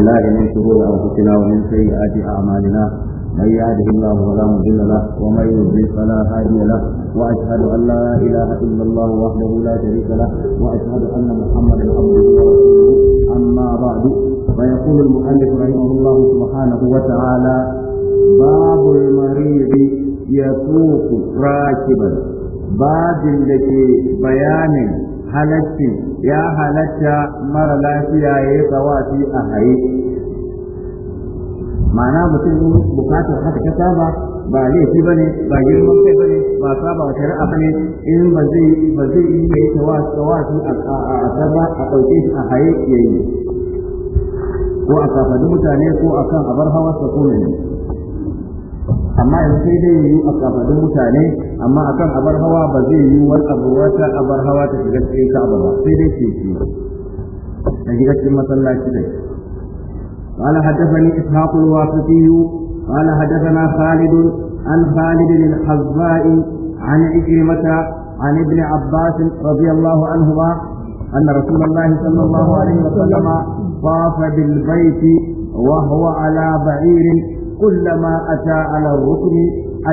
الله من شرور أنفسنا ومن سيئات أعمالنا من يهده الله فلا مضل له ومن يضلل فلا هادي له وأشهد أن لا إله إلا الله وحده لا شريك له وأشهد أن محمدا عبده ورسوله أما بعد فيقول المؤلف رحمه الله سبحانه وتعالى باب المريض يسوق راكبا باب الذي بيان halacci ya halatta mara lafiya ya yi tsawafi a haye ma'ana mutum bukatar haka ta saba ba laifi ba ne ba girman kai ba ne ba saba wata ra'a ba ne in ba zai ba zai yi ya yi a sarra a ɗauke shi a haye ya yi ko a kafadin mutane ko a kan abar sa ko ne amma in sai dai yiwu a kafadun mutane amma akan abar hawa ba zai yi wani abu wata abar hawa ta shiga cikin ka'aba ba sai dai ce shi ta shiga cikin masallaci dai قال حدثني إسحاق الواسطي قال حدثنا خالد عن خالد الحذاء عن عكرمة عن ابن عباس رضي الله عنهما أن رسول الله صلى الله عليه وسلم طاف بالبيت وهو على بعير كلما أتى على الركن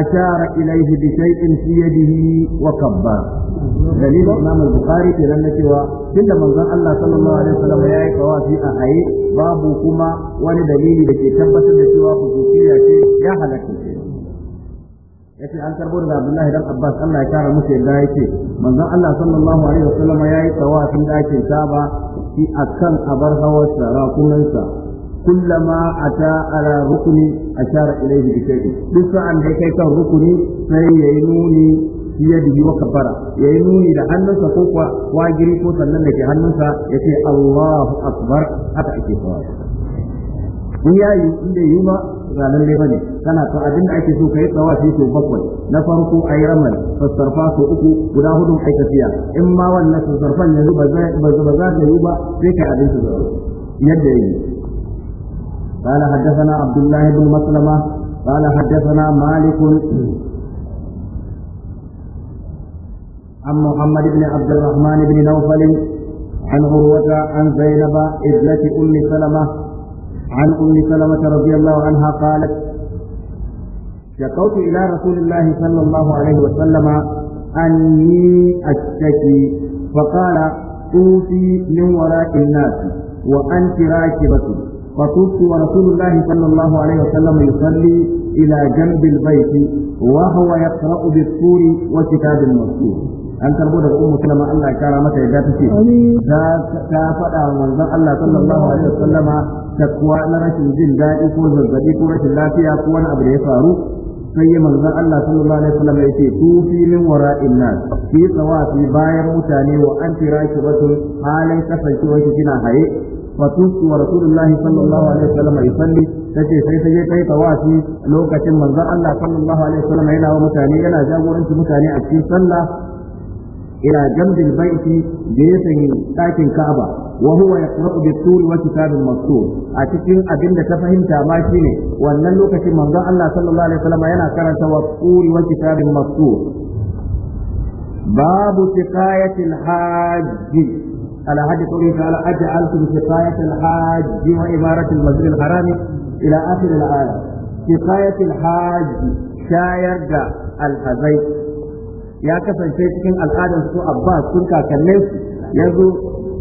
أشار إليه بشيء في يده وكبر دليل الإمام البخاري في لنك وكل من ظن الله صلى الله عليه وسلم يا كوافي أحيي باب ولدليل لكي تبت لسوى خصوصية يا حلقتي yace an karbo daga Abdullahi dan Abbas Allah ya kara musu yadda yake manzon Allah sallallahu alaihi wasallam yayi tawafin dakin Kaaba shi akan abar hawar sarakunansa كلما أتى على ركن أشار إليه بشيء بسعى لكي كان ركن سينوني بيده وكفر ينوني لأنه فوق واجري فوق لك أنه يتي الله أكبر أتأتي فوق in ya yi inda yi ma ranar ne kana to abin da ake so kai tsawafi to bakwai na farko ayi ramal fasarfa to uku guda hudu kai tafiya in ma wannan fasarfan yanzu ba za ba za yi ba sai kai abin su yadda yi قال حدثنا عبد الله بن مسلمة قال حدثنا مالك عن محمد بن عبد الرحمن بن نوفل عن عروة عن زينب ابنة أم سلمة عن أم سلمة رضي الله عنها قالت شكوت إلى رسول الله صلى الله عليه وسلم أني أشتكي فقال أوتي من وراء الناس وأنت راكبة فطفت ورسول الله صلى الله عليه وسلم يصلي إلى جنب البيت وهو يقرأ بالطور وكتاب المذكور an karbo daga ummu salama Allah ya kara mata yadda take ta ta faɗa wa Allah sallallahu alaihi wasallama takwa na rashin jin daɗi ko zazzabi ko rashin lafiya ko wani abu da ya faru sai manzon Allah sallallahu alaihi wasallam yake tufi min wara'in nas fi tsawafi bayan mutane wa anti rakibatun halin kasancewa kina haye fatus wa rasulullahi sallallahu alaihi wasallam yusalli tace sai ta je kai tawafi lokacin manzon Allah sallallahu alaihi wasallam yana wa mutane yana jagoranci mutane a cikin sallah Ina jambil baiti da ya sanya ɗakin Ka'aba wa huwa yaqra'u turi wa kitabin maktur a cikin abin da ta fahimta ma ne, wannan lokacin manzon Allah sallallahu alaihi wasallam yana karanta wa-turi kitabin babu tiqayatil hajji على حد قوله تعالى أجعلتم سقاية الحاج وإمارة المسجد الحرام إلى آخر الآية سقاية الحاج شاير الحزين ya kasance cikin al'adar su abbas sun kakanne yanzu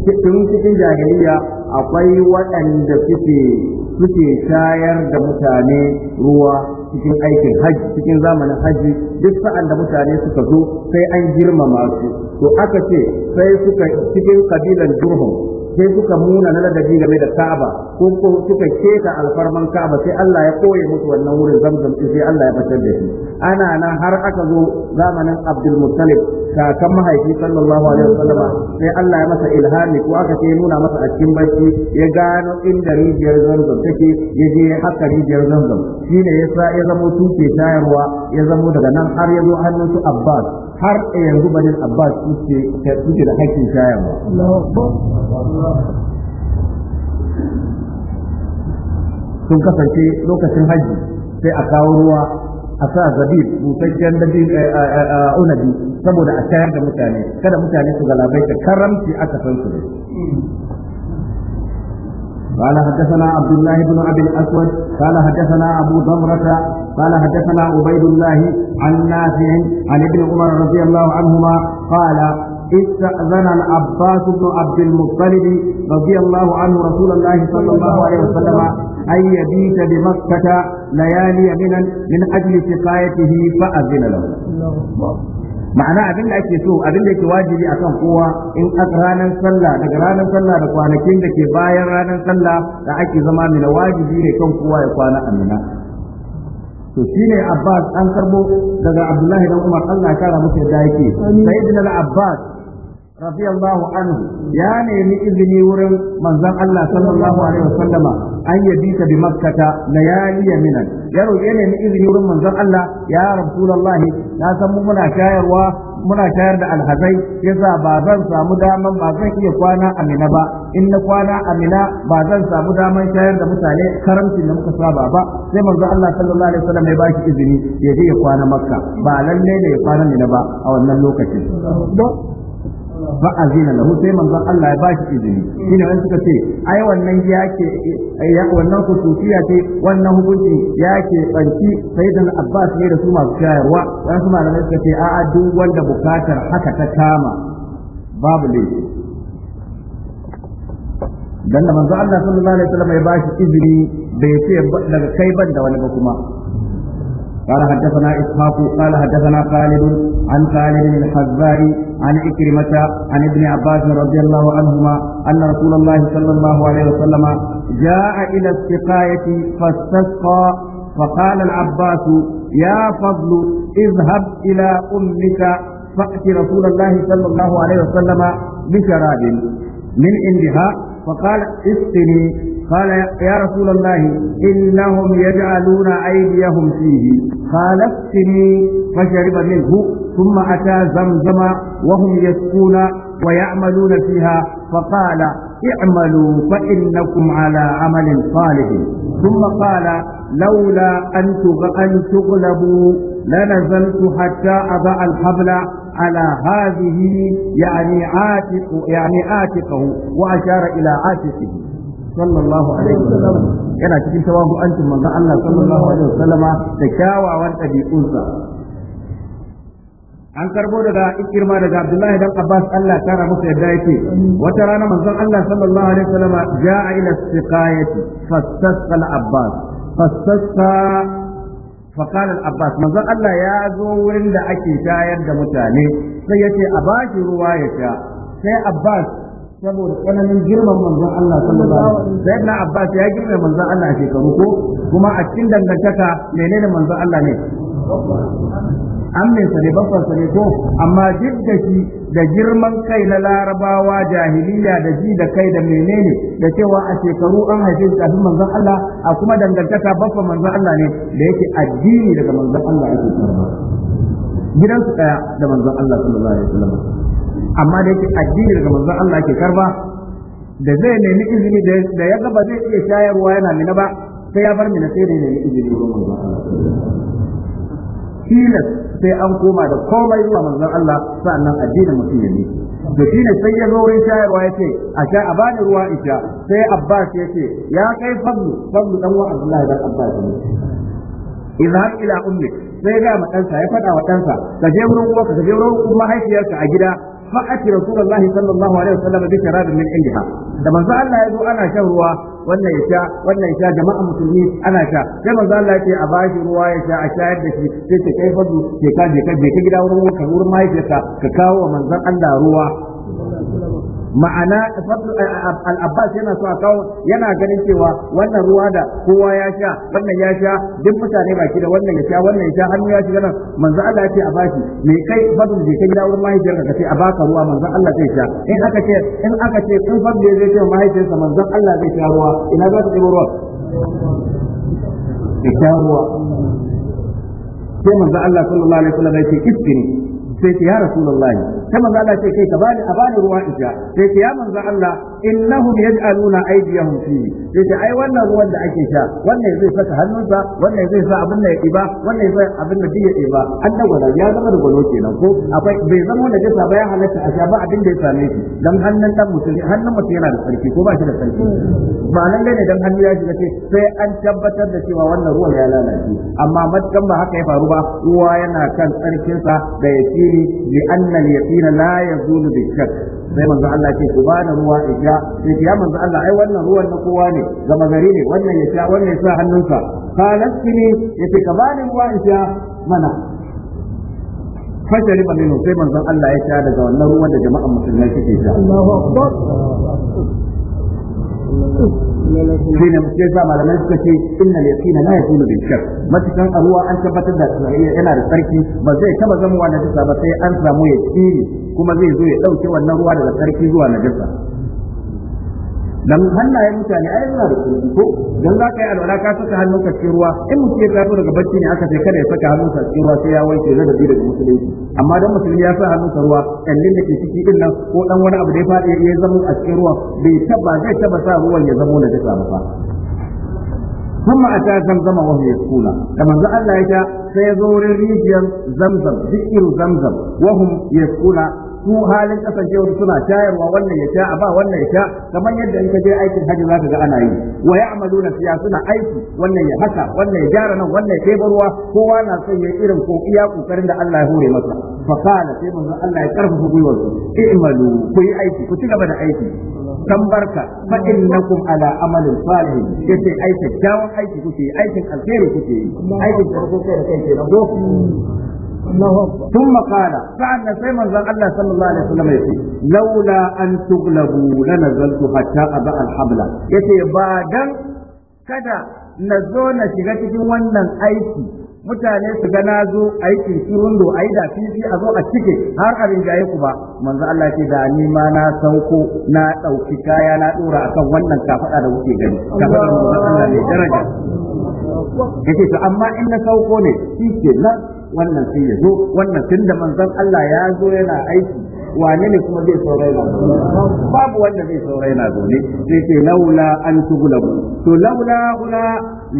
tun cikin jahiliya akwai waɗanda suke suke shayar da mutane ruwa cikin aikin hajji cikin zamanin hajji duk sa'an da mutane suka zo sai an girmama su to aka ce sai suka cikin kabilan durham sai suka muna na ladabi game da Ka'aba ko ko suka keta alfarman Ka'aba sai Allah ya koye musu wannan wurin zamzam sai Allah ya batar da shi ana nan har aka zo zamanin Abdul Muttalib kakan mahaifi sallallahu alaihi wasallam sai Allah ya masa ilhami ko aka ce nuna masa a cikin barci ya gano inda rijiyar zamzam take ya je haka rijiyar zamzam shine yasa ya zamo tuke tayarwa ya zamo daga nan har ya zo hannun su Abbas har yanzu banin Abbas suke da hakkin tayarwa sun kasance lokacin haji sai a kawo ruwa a sa zabib busasshen dabin eh, eh, eh, unabi saboda a tayar da mutane kada mutane su galabai ta karamci aka san su قال حدثنا عبد الله بن ابي الاسود قال حدثنا ابو ضمرة قال حدثنا عبيد الله عن نافع عن ابن عمر رضي الله عنهما قال استأذن العباس بن عبد المطلب رضي الله عنه رسول الله صلى الله عليه وسلم أن يبيت بمكة ليالي يمنا من أجل سقايته فأذن له ma'ana abin da ake so abin da ke wajibi a kan kowa in ranar sallah daga ranar sallah da kwanakin da ke bayan ranar sallah da ake zama mina wajibi ne kan kowa ya kwana amina to shine Abbas an karbo daga Abdullahi dan Umar Allah ya kara musu da yake Sayyidina Abbas radiyallahu anhu ya nemi izini wurin manzon Allah sallallahu alaihi wasallama an yabi ka bi makkata layaliya minan ya nemi izini wurin manzon Allah ya rasulullahi na san mu muna shayarwa muna shayar da alhazai yasa ba zan samu daman ba zan iya kwana a Minna ba in na kwana amina ba zan samu daman shayar da mutane karamcin da muka saba ba sai manzon Allah sallallahu alaihi wasallam ya bashi izini ya je ya kwana makka ba lallai ne ya kwana Minna ba a wannan lokacin fa azina lahu sai manzon Allah ya bashi izini shine wani suka ce ai wannan yake eh, wannan ce wannan hukunci yake sai dan Abbas ne da su masu shayarwa wasu malamai suka ce a duk wanda bukatar haka ta kama babu ne dan da manzo Allah sallallahu alaihi wasallam ya bashi izini bai ce daga kai ban da wani ba kuma قال حدثنا إسحاق قال حدثنا خالد عن خالد الحذاء عن إكرمة عن ابن عباس رضي الله عنهما أن رسول الله صلى الله عليه وسلم جاء إلى السقاية فاستسقى فقال العباس يا فضل اذهب إلى أمك فأت رسول الله صلى الله عليه وسلم بشراب من عندها فقال اسقني قال يا رسول الله إنهم يجعلون أيديهم فيه قال فشرب منه ثم أتى زمزم وهم يسقون ويعملون فيها فقال اعملوا فإنكم على عمل صالح ثم قال لولا أن تغلبوا لنزلت حتى أضع الحبل على هذه يعني عاتق يعني عاتقه وأشار إلى عاتقه sallallahu alaihi wasallam yana cikin tawazu'ancin manzon Allah sallallahu alaihi wasallama da kyawawan ɗabi'unsa an karbo daga ikirma daga Abdullahi dan Abbas Allah ya kara masa yadda yake wata rana manzon Allah sallallahu alaihi wasallam ja'a ila istiqayati fastasqa al-Abbas fastasqa فقال العباس من ذا الله يا زورين دا أكي شاير دا متاني سيتي أباشي رواية sai Abbas saboda tsananin girman manzon Allah sallallahu alaihi wasallam sayyidina Abbas ya girme manzon Allah a shekaru ko kuma a cikin dangantaka menene manzon Allah ne amminsa ne babbansa ne ko amma duk da shi da girman kai na larabawa jahiliya da ji da kai da menene da cewa a shekaru an haife shi kafin manzon Allah a kuma dangantaka babban manzon Allah ne da yake addini daga manzon Allah yake gidansu daya da manzon Allah sallallahu alaihi wasallam amma da yake addini daga manzon Allah ke karba da zai nemi izini da ya gaba zai iya shayarwa yana mina ba sai ya bar mina sai da nemi izini daga manzon Allah sai an koma da komai zuwa manzon Allah sannan addinin mutum ya ne da shi sai ya zo wurin shayarwa ya ce a sha a bani ruwa isha sai Abbas ya ce ya kai fadlu fadlu dan wa Abdullahi dan Abbas ne izhab ila ummi sai ga matansa ya faɗa wa ɗansa ka je wurin uwa ka je wurin mahaifiyarka a gida fa'ati rasulullahi sallallahu alaihi wasallam bi sharabin min indiha da manzo Allah ya zo ana shan ruwa wannan ya sha wannan ya sha jama'a musulmi ana sha sai manzo Allah ya ce a bashi ruwa ya sha a shayar da shi sai ce kai fadu ke ka je gida wurin wurin mahaifiyarka ka kawo wa manzon Allah ruwa ma'ana eh, eh, eh, al-abbas yana so kawo yana ganin cewa wannan ruwa da kowa ya sha wannan ya sha duk mutane baki da wannan ya sha wannan ya sha hannu ya shiga nan manzo Allah ya ce a bashi me kai fadu je kai da wurin mahaifiyar ka ce a baka ruwa manzo Allah zai sha in aka ce in aka ce in fadu zai ce mahaifiyarsa manzo Allah zai sha ruwa ina za ta ɗebo ruwa ya sha ruwa sai manzo Allah sallallahu alaihi wasallam ya ce iskini sai ya rasulullahi sai manzo ce kai ka bani a bani ruwa in sha sai ce ya manzo Allah innahum yaj'aluna aydiyahum fi sai ce ai wannan ruwan da ake sha wannan zai saka hannunsa wannan zai sa abin da ya ba wannan zai abin da ya ba an da gwada da gwado kenan ko akwai bai zama da jasa ba ya halatta a sha ba abin ya same shi dan hannun dan mutum hannun mutum yana da sarki ko ba shi da sarki ba nan ne dan hannu ya shiga sai an tabbatar da cewa wannan ruwan ya lalace amma matakan ba haka ya faru ba ruwa yana kan tsarkinsa da yaqini li anna al na la yazulu bi shak sai manzo Allah ce ku bani ruwa in sha sai ya manzo Allah ai wannan ruwan na kowa ne gama gari ne wannan ya sha wannan ya sa hannunsa qalat kini yace ka bani ruwa in sha mana fashari ba minu sai manzon Allah ya sha daga wannan ruwan da jama'an musulmai suke shi ne sai sa malamai suka ce inna yaqina la yakunu bil shakk ruwa an tabbatar da yana da tsarki ba zai taba zama wa najasa ba sai an samu ya tsiri kuma zai zo ya dauke wannan ruwa daga tsarki zuwa najasa dan hannayen mutane ai yana da kurki ko dan za ka yi alwala ka saka hannun cikin ruwa in mutum ya tafi daga bacci ne aka sai kada ya saka hannun cikin ruwa sai ya wanke da dabi daga musulunci amma dan musulmi ya sa hannunsa ruwa kallin da ke ciki din nan ko dan wani abu da ya faɗi ya zama a cikin ruwa bai taba zai taba sa ruwan ya zama da ta ba ثم أتى زمزم da يسكون allah ya الله sai ya zo wurin rijiyar zamzam zikiru zamzam wahum ya su halin kasancewar suna shayarwa wannan ya sha a ba wannan ya sha kamar yadda in ka je aikin hajji za ka ga ana yi wa na fiya suna aiki wannan ya haka wannan ya gyara nan wannan ya ɗebo ruwa kowa na son ya irin ko iya kokarin da Allah ya hore masa fa qala sai manzon Allah ya karfafa gwiwar su i'malu ku yi aiki ku ci gaba da aiki tambarka barka fa innakum ala amalin salih yace aiki kyawun aiki kuke aikin alheri kuke yi aikin farko kai da kai kenan hmm. ثم قال فعلنا سيما زال الله صلى الله عليه وسلم يقول لولا أن تغلبوا لنزلت حتى أبع الحبل يتي بعدا كذا نزول شغتك ونن أيتي mutane su ga na zo a yi rundo a yi da fifi a zo a cike har a rinjaye ku ba manzo Allah ce da ni ma na sauko na ɗauki kaya na ɗora akan wannan kafaɗa da kuke gani kafaɗa da Allah ne daraja yace to amma in na sauko ne shi ke nan wannan sun ya zo wannan tun da manzon Allah ya zo yana aiki wane ne kuma zai sauraina babu wanda zai na zo ne sai ce laula an tuglabu to laula huna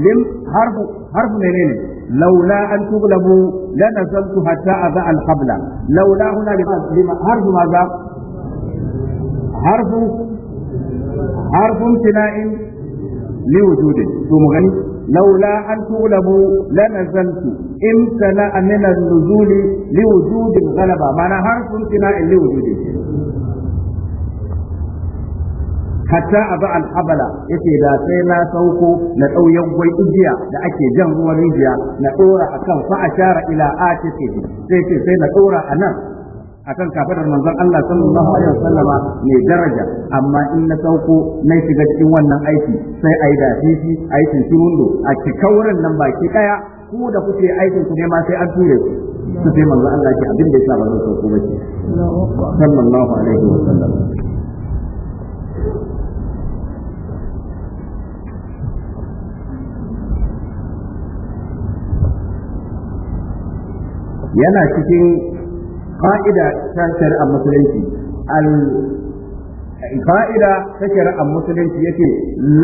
lim harfu harfu menene laula an tuglabu la nazaltu hatta aza al qabla laula huna lim harfu maza harfu harfun tina'in liwujudin to mu gani لولا أن تغلبوا لنزلت امتلأ من النزول لوجود الغلبة معنى حرف امتناء لوجوده hatta a ba al'abala yace da sai na sauko na ɗau gwai igiya da ake jan ruwan rijiya na ɗora a kan fa ashara ila atifi sai ce sai na ɗora a nan akan kafadar manzon Allah sallallahu alaihi wasallam ne daraja amma in na sauko na shiga cikin wannan aiki sai ai da aikin shi tuntundo a wurin nan baki daya ku da kuke aikin ku ne ma sai an ture ku su sai manzon Allah ke abin da yasa ba zan sauko ba ce sallallahu alaihi wasallam yana cikin fa'ida ta shari'ar musulunci al fa'ida ta shari'ar musulunci yake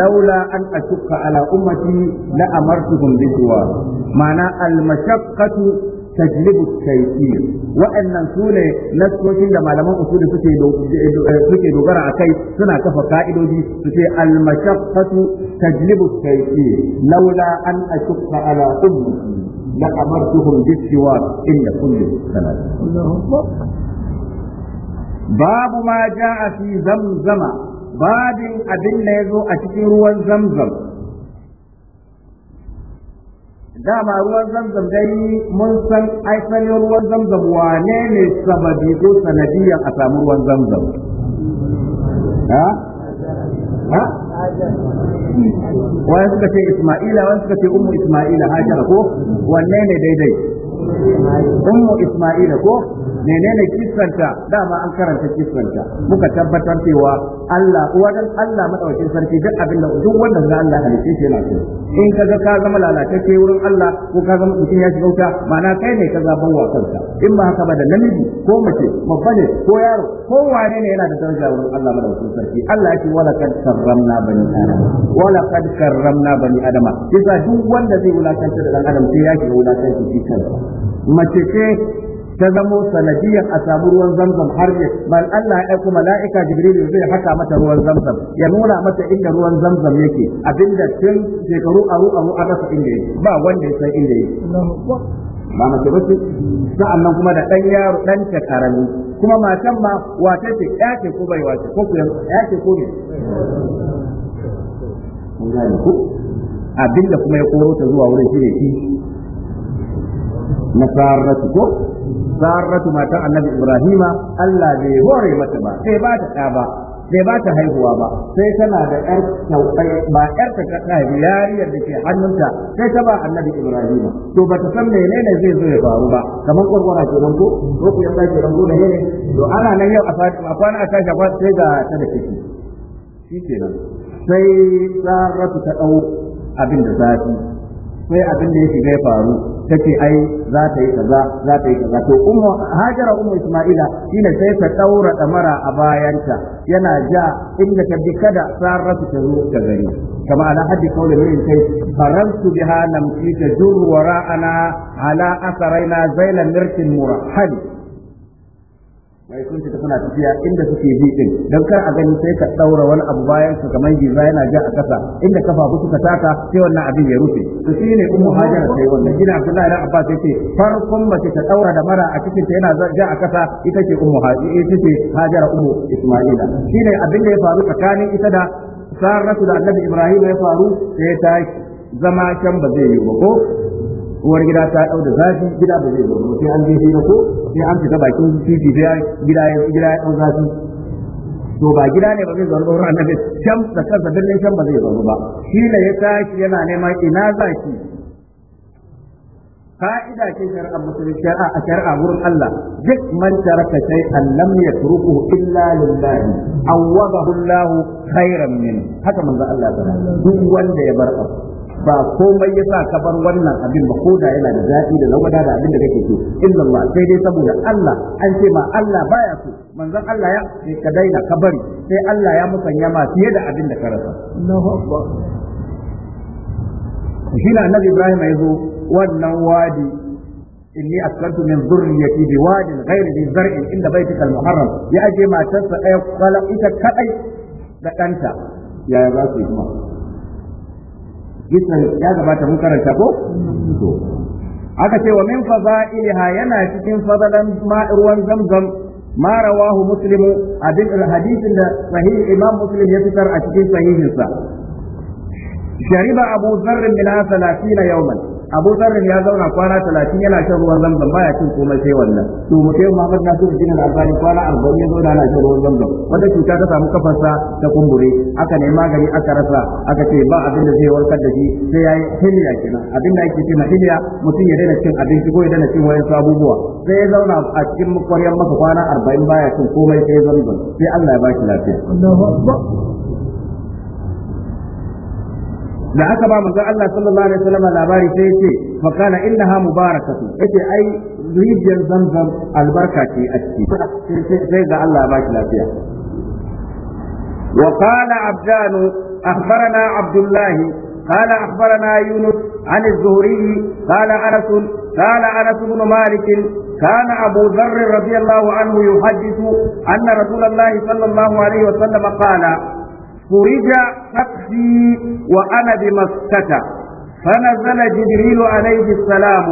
laula an a ashukka ala ummati la amartuhum bi mana al tajlibu taysir wa'annan sune nasoshin da malaman usuli suke suke dogara a kai suna kafa ka'idoji su ce al tajlibu taysir laula an a ashukka ala ummati لأمرتهم بالسواك عند كل صلاة باب ما جاء في زمزم باب أدن يزو أشكر والزمزم dama ruwan zamzam dai mun san asalin ruwan zamzam wane ne sababi ko sanadiyan a samu ruwan zamzam ha ha wani suka ce Isma'ila wani suka ce ummu Isma'ila hajara ko wanne ne daidai ummu Isma'ila ko menene kisanta dama an karanta kisanta muka tabbatar cewa Allah wajen Allah madaukakin sarki duk abin da duk wanda ga Allah halice shi yana so in kaga ka zama lalatacce wurin Allah ko ka zama mutum ya shiga wuta ma'ana kai ne ka zaban wa kanka in ba haka ba da namiji ko mace mafane ko yaro ko wane ne yana da daraja wurin Allah madaukakin sarki Allah ya ce wala kad karramna bani adam wala kad karramna bani adam Kisa duk wanda zai wulakanta da dan adam sai ya shiga wulakanta shi mace ce ta zamo sanadiyar a samu ruwan zamzam har ne bal Allah ya kuma mala'ika Jibril zai haka mata ruwan zamzam ya nuna mata inda ruwan zamzam yake abinda tun shekaru aru aru an rasa inda yake ba wanda ya san inda yake ba mace ba ce. Sa'annan kuma da dan yaro dan ta karami kuma matan ma wace ce ya ce ko bai wace ko ya ce ko ne abinda kuma ya koro ta zuwa wurin shi ne shi nasaratu ko zarratu matan annabi ibrahima Allah bai hore mata ba sai ba ta ba bai ba ta haihuwa ba sai tana da yar ba yar ta ta yariyar da ke hannunta sai ta ba annabi ibrahima to ba ta san menene zai zo ya faru ba kamar kwarkwara ke nan ko ku ya sake rango da ne to ana nan yau a kwana a tashi a sai ga ta da ciki shi kenan sai zarratu ta dau abin da zafi sai abin da ya shiga ya faru tace ai za ta yi kaza za ta yi kaza to ummu hajara ummu isma'ila shine sai ta daura damara a bayanta yana ja inda ta bi kada sarratu ta zo ta gani kama ala haddi kawai mai kai farantu biha namti ta juru wara'ana ala asaraina zailan mirkin murahali wai sun shiga suna tafiya inda suke bi din dan kar a gani sai ka daura wani abu bayan su kamar giza yana ja a kasa inda kafafu suka taka sai wannan abin ya rufe to shine ummu hajara sai wannan gina Abdullahi ibn Abbas yace farkon mace ta daura da mara a cikin ta yana ja a kasa ita ce ummu hajara ita ce hajara ummu Isma'ila shine abin da ya faru tsakanin ita da Saratu da Annabi Ibrahim ya faru sai ta zama can ba zai yi ba ko uwar gida ta dau da zafi gida ba zai zo sai an je na ko sai an fita bakin titi gida gida gida ya dau zafi to ba gida ne ba zai zarba wurin annabi can da kansa birnin can ba zai zarba ba shi ne ya tashi yana neman ina zaki? shi ka'ida ce shari'a musulmi shari'a a shari'a wurin Allah duk man taraka shay'an lam yatruku illa lillahi awwadahu Allah khairan min haka manzo Allah ta duk wanda ya bar ba komai ya sa ka bar wannan abin ba ko da yana da zaɓi da lawada da abin da kake so illa Allah sai dai saboda Allah an ce ma Allah baya so manzon Allah ya eh, ka daina ka bari sai Allah ya musanya ma fiye da abin da ka rasa Allahu akbar shi annabi Ibrahim ya zo wannan wadi inni askantu min zurriyati bi wadin ghairi bi zar'in inda baitika al-muharram ya aje matarsa ɗaya kwala ita kadai da ɗanta yaya za su yi kuma gisan ya gabata mun karanta ko to aka ce wa min fadailiha yana cikin fadalan ruwan zamzam ma rawahu muslim abin hadisin da sahih imam muslim ya fitar a cikin sahihinsa shariba abu zarr min 30 yawman abu sarrin ya zauna kwana talatin yana shan ruwan zamzam baya cin komai sai wannan to mutum muhammad nasir jin jinin alfani kwana arba'in ya zauna na shan ruwan zamzam wanda cuta ta samu kafarsa ta kumbure aka nemi magani aka rasa aka ce ba abin da zai warkar da shi sai yayi hiliya kenan abin da ake cewa hiliya mutum ya daina cin abinci ko ya daina cin wayansu abubuwa sai ya zauna a cikin kwaryan masa kwana arba'in baya cin komai sai zamzam sai Allah ya ba shi lafiya da aka ba manzon Allah sallallahu alaihi wasallam labari sai yace fa kana innaha mubarakatu yace ai rijiyar zamzam albarka ce a ciki sai ga Allah ba shi lafiya wa qala abdan akhbarana abdullah قال أخبرنا يونس عن الزهري قال أنس قال أنس بن مالك كان أبو ذر رضي الله عنه يحدث أن رسول الله صلى الله عليه وسلم قال فرج فتحي وأنا بمكة فنزل جبريل عليه السلام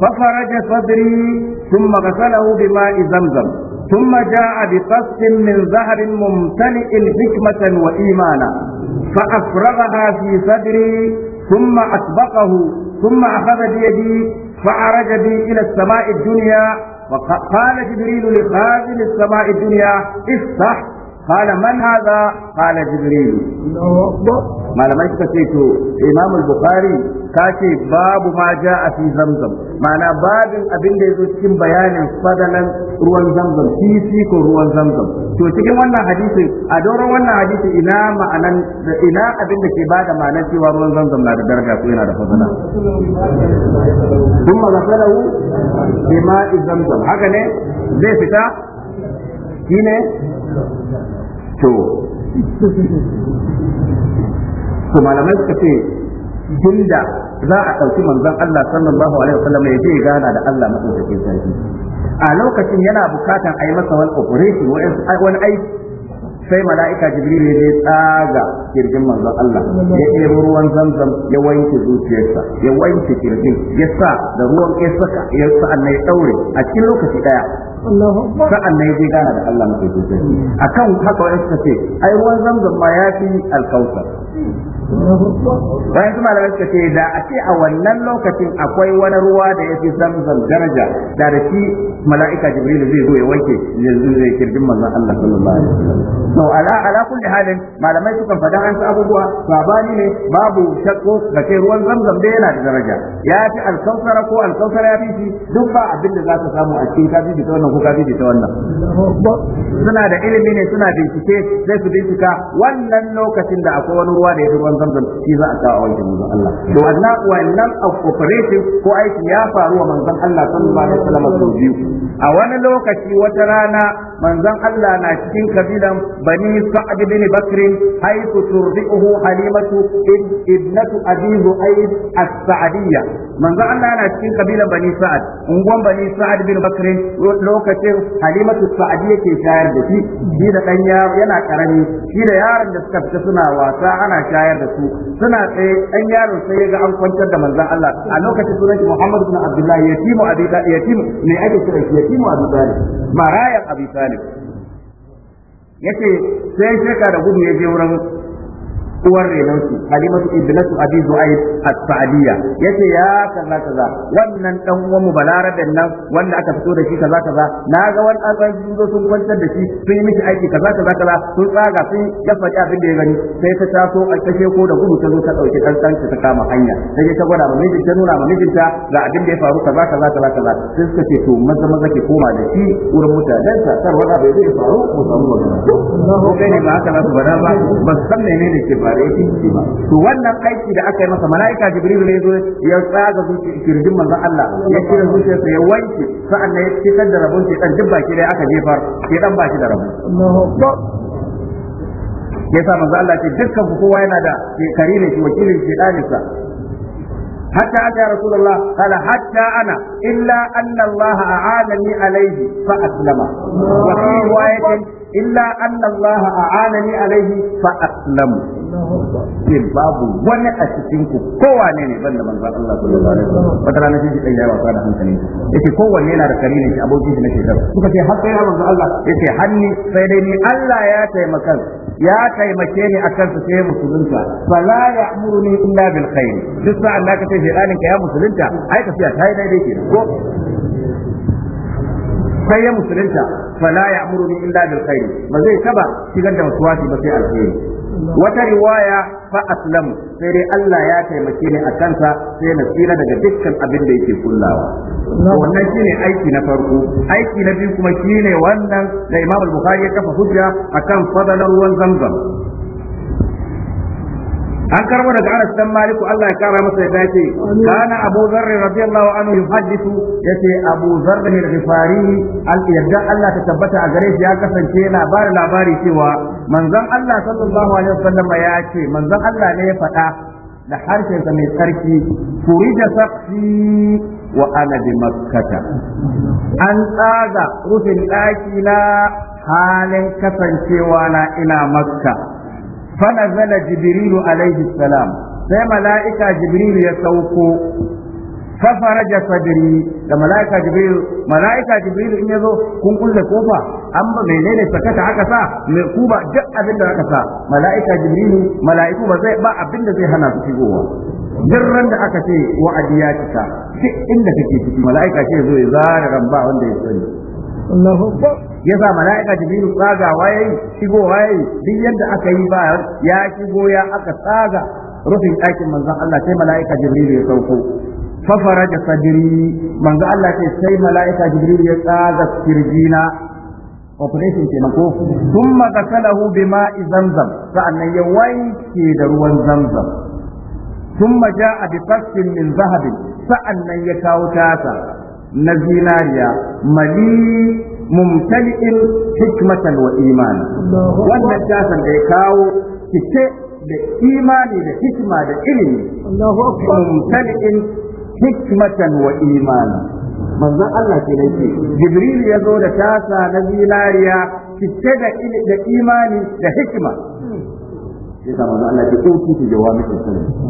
ففرج صدري ثم غسله بماء زمزم ثم جاء بقص من ذهب ممتلئ حكمة وإيمانا فأفرغها في صدري ثم أسبقه ثم أخذ بيدي فعرج بي إلى السماء الدنيا وقال جبريل لخازن السماء الدنيا افتح قال من هذا قال جبريل malamai suka ce to imam bukhari ka ce babu ma ja a fi zamzam ma'ana babin abin da yazo cikin bayanin fadalan ruwan zamzam shi ko ruwan zamzam to cikin wannan hadisi a doron wannan hadisi ina ma'anan ina abin da ke bada ma'anar cewa ruwan zamzam na da daraja ko yana da fadala kuma zafalahu bima zamzam haka ne zai fita shine to to malamai suka ce jinda za a ɗauki manzon Allah sallallahu alaihi wasallam ya je gana da Allah madaukakin sarki a lokacin yana bukatan a yi masa wani operation wani aiki sai mala'ika jibril ya je tsaga kirjin manzon Allah ya ɗebo ruwan zamzam ya wanke zuciyarsa ya wanke kirjin ya sa da ruwan ya saka ya sa annai ɗaure a cikin lokaci ɗaya sa'an nan je gana da Allah mai sosai akan haka wani suka ce ai ruwan zamzam ma ya fi alkautar bayan su malamai suka ce da a ce a wannan lokacin akwai wani ruwa da ya fi zamzam daraja da da shi mala'ika jibril zai zo ya wanke yanzu zai kirgin manzon Allah sallallahu alaihi wasallam to ala ala kulli halin malamai suka faɗa an abubuwa sabani ne babu shakko ga ce ruwan zamzam dai yana da daraja ya fi alkausara ko alkausara ya fi shi duk ba abin da za ka samu a cikin kafin da wannan ko ka ta wannan suna da ilimi ne suna bincike sai su bincika wannan lokacin da akwai wani ruwa da ya ruwan zamzam shi za a kawo wanke manzon Allah to wannan wannan operative ko aiki ya faru wa manzon Allah sallallahu alaihi wasallam sau biyu a wani lokaci wata rana manzon Allah na cikin kabilan bani Sa'd bin Bakr haythu turdihu Halimatu ibnatu Abi Zu'ayd as-Sa'diyya manzon Allah na cikin kabilan bani Sa'd unguwan bani Sa'd bin Bakr lokacin halimatu sa'adi yake shayar da shi shi da dan yana karami shi da yaron da suka fita suna wasa ana shayar da su suna tsaye dan yaron sai ya ga an kwantar da manzon Allah a lokacin sunan Muhammad ibn Abdullah yatimu abi yatimu ne ake kira shi yatimu abi talib marayan abi talib yace sai sheka da gudu ya je wurin uwar renansu halimatu ibnatu abi zu'aib as-sa'diyya yace ya kaza kaza wannan dan uwan mu balaraben nan wanda aka fito da shi kaza kaza na ga wani azan sun zo sun kwantar da shi sun yi miki aiki kaza kaza kaza sun tsaga sun ya faɗi abin da ya gani sai ta taso a kashe ko da gudu ta zo ta dauki dan dan ta kama hanya sai ta gwada ma mijin ta nuna ma mijinta ga abin da ya faru kaza kaza kaza kaza sai suka ce to maza maza ke koma da shi wurin mutanen ta sarwa bai zai faru musamman ko kai ne ba haka za su bada ba ba san menene ke ba bare shi ba to wannan aiki da aka yi masa malaika jibril ne zo ya tsaga zuci, kirjin manzon Allah ya kira zuciyar sa ya wanke sa'an nan ya fitar da rabon shedan duk baki da aka jefar shedan ba shi da rabon sa manzo Allah ce dukkan kowa yana da kare ne shi wakilin shedani sa hatta ata ya rasulullah qala hatta ana illa anna Allah a'anani alaihi fa aslama wa fi illa anna Allah a'anani alaihi fa aslamu ke babu wani a cikin ku kowane ne banda manzon Allah sallallahu alaihi wasallam wata rana shi dan wasa da hankali yace kowanne yana da karinin shi abokin shi na shekaru suka ce har sai na Allah yace hanni sai dai ni Allah ya taimaka ya taimake ni akan su sai musulunta fala ya'muruni illa bil khair duk sa'an da ka ce shedanin ka ya musulunta ai tafiya ta yi dai dai ko sai ya musulunta fala bi illa bil khair ba zai taba shigar da waswasi ba sai alheri wata riwaya fa aslamu sai dai Allah ya taimake ni a kansa sai na tsira daga dukkan abin da yake kullawa wannan shine aiki na farko aiki na biyu kuma shine wannan da Imam Bukhari ya kafa hujja akan fadalar ruwan Zamzam an karbo daga Anas dan Maliku Allah ya kara masa ya dace kana Abu Dharr radiyallahu anhu yuhaddithu yace Abu Dharr ne da Ghifari al yadda Allah ta tabbata a gare shi ya kasance yana ba da labari cewa manzon Allah sallallahu alaihi wasallam ya ce manzon Allah ne ya faɗa da harshen sa mai tsarki furija saqfi wa ana bi makkata an tsaga rufin daki na halin kasancewa na ina makka فنزل جبريل عليه السلام sai mala'ika jibril ya sauko fafaraja sadri da mala'ika jibril mala'ika jibril in zo kun kulle kofa an ba menene sakata aka sa mai kuba duk abin da aka sa mala'ika jibril mala'iku ba zai ba abin da zai hana su shigowa duk da aka ce wa'adi ya cika duk inda kake ciki mala'ika ce zo ya zara ran wanda ya sani Allahu Akbar yasa mala'ika jibrilu tsagawa yayi shigo yayi duk yadda aka yi ba ya shigo ya aka tsaga rufin ɗakin manzon Allah sai mala'ika jibrilu ya sauko fafara da sadiri manzo Allah ce sai mala'ika jibril ya tsaga kirjina operation kenan ko thumma ghasalahu bima'i zamzam sa'annan ya wanke da ruwan zamzam thumma ja'a bi qasfin min zahabin sa'annan ya kawo tasa na zinariya mali mumtali'in hikmatan wa imana wannan tasan da ya kawo cike da imani da hikma da ilimi mumtali'in hikmatan wa imana manzon Allah ke nan jibril ya zo da tasa na zinariya cike da imani da hikma ya samu manzo Allah ya dauki su jawami su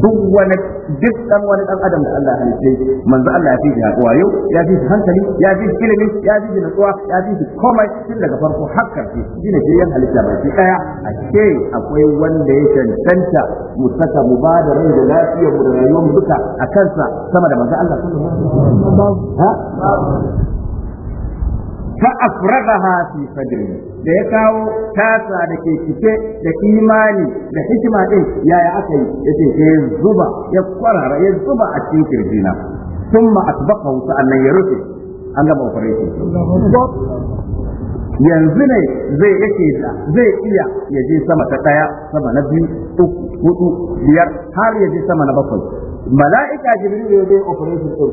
duk wani duk dan wani dan adam da Allah ya ce manzo Allah ya fi shi hakuwa yau ya fi shi hankali ya fi shi ilimi ya fi shi nutsuwa ya fi shi komai tun daga farko har karshe shine ke yan halitta ba shi daya a ce akwai wanda ya cancanta mu saka mu ba da rai da lafiyar mu da rayuwar mu duka a kansa sama da manzo Allah sallallahu alaihi wasallam ha fa afragaha fi sadri da ya kawo tasa da ke cike da imani da hikima din yaya aka yi ya ya zuba ya kwarara ya zuba a cikin kirjina thumma asbaqahu annan ya rufe an gama operation yanzu ne zai yake zai iya ya je sama ta daya sama na biyu uku hudu biyar har ya je sama na bakwai mala'ika jibril ya dai operation din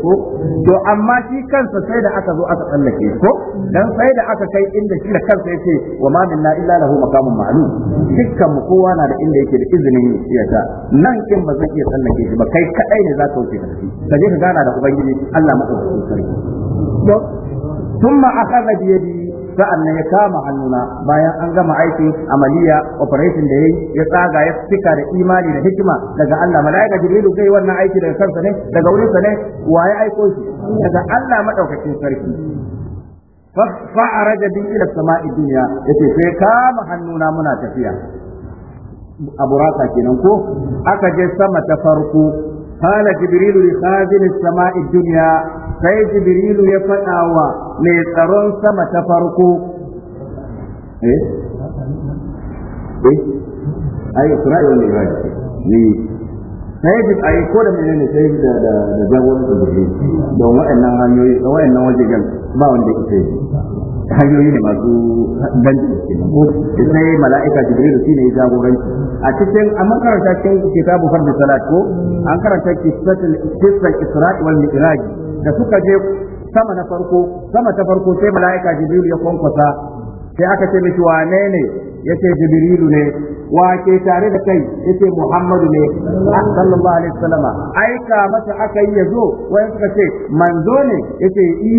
to amma shi kansa sai da aka zo aka tsallake ko dan sai da aka kai inda shi da kansa yake wa ma minna illa lahu maqamun ma'lum dukkan mu kowa na da inda yake da izinin ya ta nan kin ba zai iya tsallake shi ba kai kadai ne za ka wuce ka tafi ka je ka gana da ubangiji Allah madaukakin sarki ثم أخذ بيدي Sa'an nan ya kama hannuna bayan an gama aikin amaliya operation da ya yi ya tsaga ya fika da imani da hikima daga Allah malaika jibrilu kai wannan aiki daga kansa ne daga wurin sa ne ya aiko shi daga Allah madaukakin sarki fa'araja bi ila sama'i dunya yace sai kama hannuna muna tafiya a buraka kenan ko aka je sama ta farko قال جبريل لخازن السماء الدنيا sai جبريل ya faɗa سما mai ايه ايه ايه اقرأ eh eh ai sayyid wal ko da menene sayyid da da da jagoran da don wa'annan hanyoyi da wa'annan wajen ba wanda ke sayyid hanyoyi ne masu dangi ko sai mala'ika jibril shi ne jagoranci a cikin amma karanta cikin kitabu fardu salat ko an karanta kisatul kisan isra'i wal mi'raj da suka je sama na farko sama ta farko sai mala'ika jibril ya kwankwasa sai aka ce mishi wane ne yace jibrilu ne wa ke tare da kai yace muhammadu ne ah, sallallahu alaihi wasallama aika mata aka yi yazo wai suka ce manzo ne yace i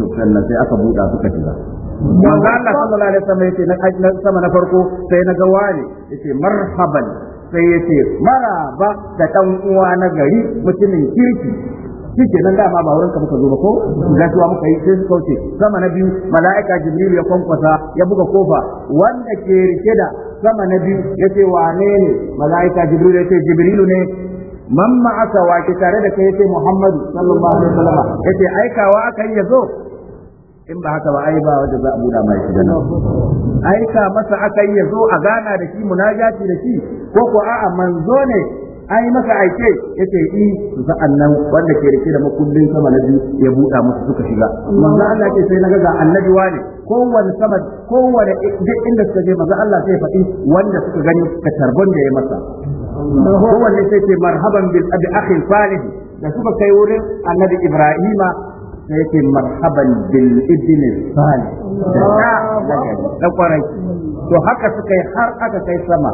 to sannan sai aka buda suka shiga manzo Allah sallallahu alaihi wasallam yace na sama na farko sai na ga wani yace marhaban sai yace maraba da dan uwa na gari mutumin kirki kike nan dama ba wurin ka muka zo ba ko gaisuwa muka yi sai suka wuce sama na biyu mala'ika jibril ya kwankwasa ya buga kofa wanda ke rike da sama na biyu yace wane ne mala'ika jibril yace jibrilu ne man ma'aka wa ke tare da kai yace muhammadu sallallahu alaihi wasallam yace aikawa akan ya zo in ba haka ba ai ba wanda za a buɗa mai shiga nan aika masa aka yi ya zo a gana da shi munajati da shi ko ko a'a manzo ne ai masa aike yace i sa'an nan wanda ke rike da makullin sama na biyu ya buɗa musu suka shiga manzo Allah ke sai naga ga annabi wane kowanne sama duk inda suka je manzo Allah sai faɗi wanda suka gani ka tarbon da ya masa kowanne sai ce marhaban bil abi akhin salih da suka kai wurin annabi Ibrahima sai yake marhaban bil ibn salih da kwarai to haka suka yi har aka kai sama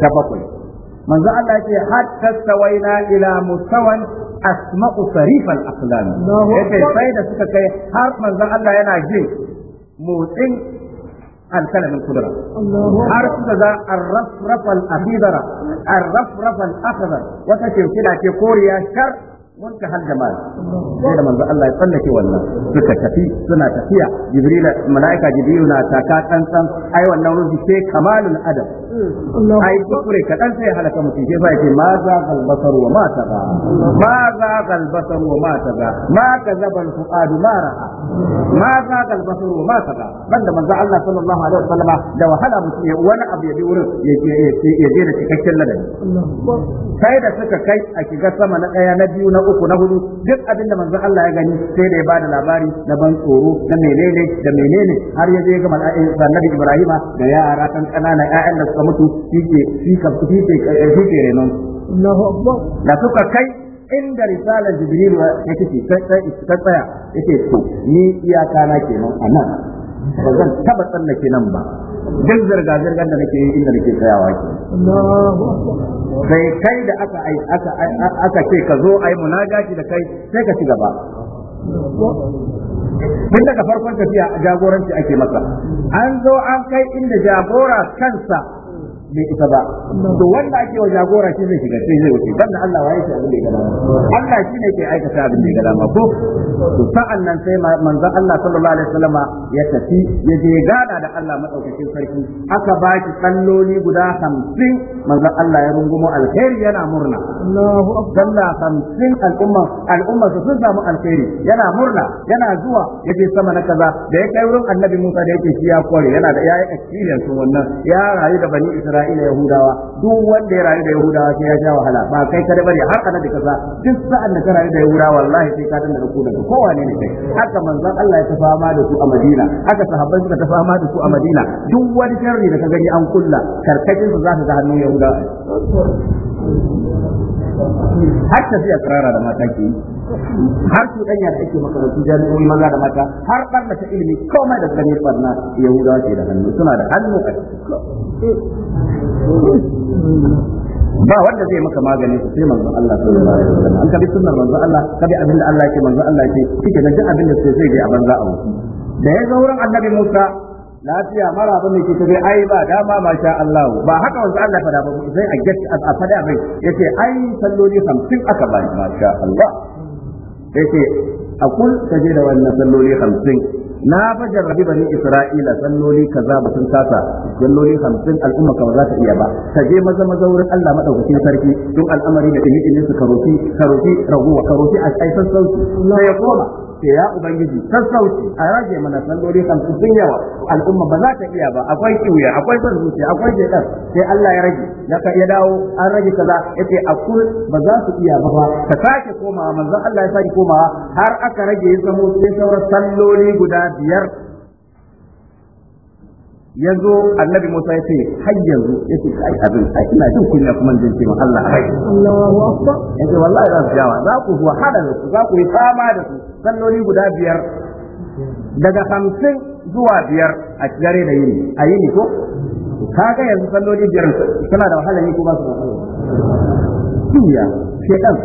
ta bakwai manzo Allah yake hatta sawaina ila mustawan asma'u sarifal aqlam yake sai da suka kai har manzo Allah yana jin motsin الكلمة الكبرى عرف ذا الرفرف الأخضر الرفرف الأخضر وتشير كده كوريا شر wanka hal jama'a sai da manzo Allah ya tsallake wannan suka tafi suna tafiya jibril malaika jibril na taka tsantsan ai wannan ruhi sai kamalul adam ai kufre kadan sai halaka mutum sai sai ma za gal basar wa ma taga ma za gal basar wa ma taga ma kazaba al fuad ma ra'a ma za gal basar wa ma taga banda manzo Allah sallallahu alaihi wasallam da wahala mutum ya wani abu ya bi wurin ya ya ya da cikakken ladabi sai da suka kai a shiga sama na daya na biyu na uku uku na hudu duk abin da manzon Allah ya gani sai da ya bada labari na ban tsoro na menene da menene har ya je ga annabi Ibrahima da yara kan kanana ƴaƴan da suka mutu shike shike shike renon Allahu Akbar da suka kai inda risalar Jibril ya kace sai sai tsaya yake to ni iyaka na kenan anan ba zan taba tsallake nan ba duk zirga zirgar da nake inda nake tsayawa ke sai kai da aka aka ce ka zo ai munajati da kai sai ka ci gaba tun daga farkon tafiya jagoranci ake masa an zo an kai inda jagora kansa bai isa ba to wanda ake wa jagora shi zai shiga sai zai wuce banda Allah waye shi abin da ya gada Allah shi ne ke aikata abin da ya gada ma ko to sa'an nan sai manzon Allah sallallahu alaihi wasallama ya tafi ya je gada da Allah madaukakin sarki aka ba shi salloli guda 50 manzon Allah ya rungumo alheri yana murna Allahu akbar da 50 al'umma al'umma su sun samu alheri yana murna yana zuwa yaje sama na kaza da ya kai wurin Annabi Musa da yake shi ya kware yana da ya yi experience wannan ya rayu da bani Isra'ila isra'ila yahudawa duk wanda ya rayu da yahudawa sai ya sha wahala ba kai kada bari har kana da kasa duk sa'an da ka rayu da yahudawa wallahi sai ka danna ku daga kowane ne kai haka manzon Allah ya tafa ma da su a Madina haka sahabbai suka tafa ma da su a Madina duk wani sharri da ka gani an kulla karkashin su su ga hannun yahudawa har tafiya karara da mata ke har su danya da ake makarantu jami'o'i maza da mata har barna ta ilimi komai da ganin barna yahudawa ce da hannu suna da hannu a ba wanda zai maka magani sai manzo Allah sallallahu alaihi wasallam an kabi sunnar manzo Allah kabi abin da Allah yake manzo Allah yake kike nan duk abin da sai zai je a banza a wuce da ya ga wurin annabi Musa lafiya mara ba mai kike ai ba dama ma sha Allah ba haka wanzu Allah fada ba sai a gaci a fada mai yace ai salloli 50 aka ba masha sha Allah sai ce a kun kaje da wannan salloli hamsin na fa jarrabi bani isra'ila salloli kaza ba sun kasa salloli hamsin al'umma ka za ta iya ba kaje maza maza wurin Allah madaukakin sarki don al'amari da dinin su karofi karofi raguwa karofi a aisan sauki la ya koma ce ya ubangiji sassauci a rage mana salloli hamsin sun yawa al'umma ba za ta iya ba akwai kiwuya akwai son zuciya akwai shaitan sai Allah ya rage ka ya dawo an rage kaza yace akul ba za su iya ba ba ka sake komawa manzon Allah ya sake komawa har aka rage ya zamo sai sauran salloli guda biyar ya zo annabi Musa ya ce har yanzu ya ce kai abin ai ina jin kunya kuma jin ce ma Allah ai Allahu akbar ya ce wallahi za su jawa za ku wahala da su za ku yi fama da su Sannoni guda biyar daga hamsin zuwa biyar a dare da yini a yini ko kaga yanzu sannoni biyar suna da wahala ne ko ba su da wahala kiya shedan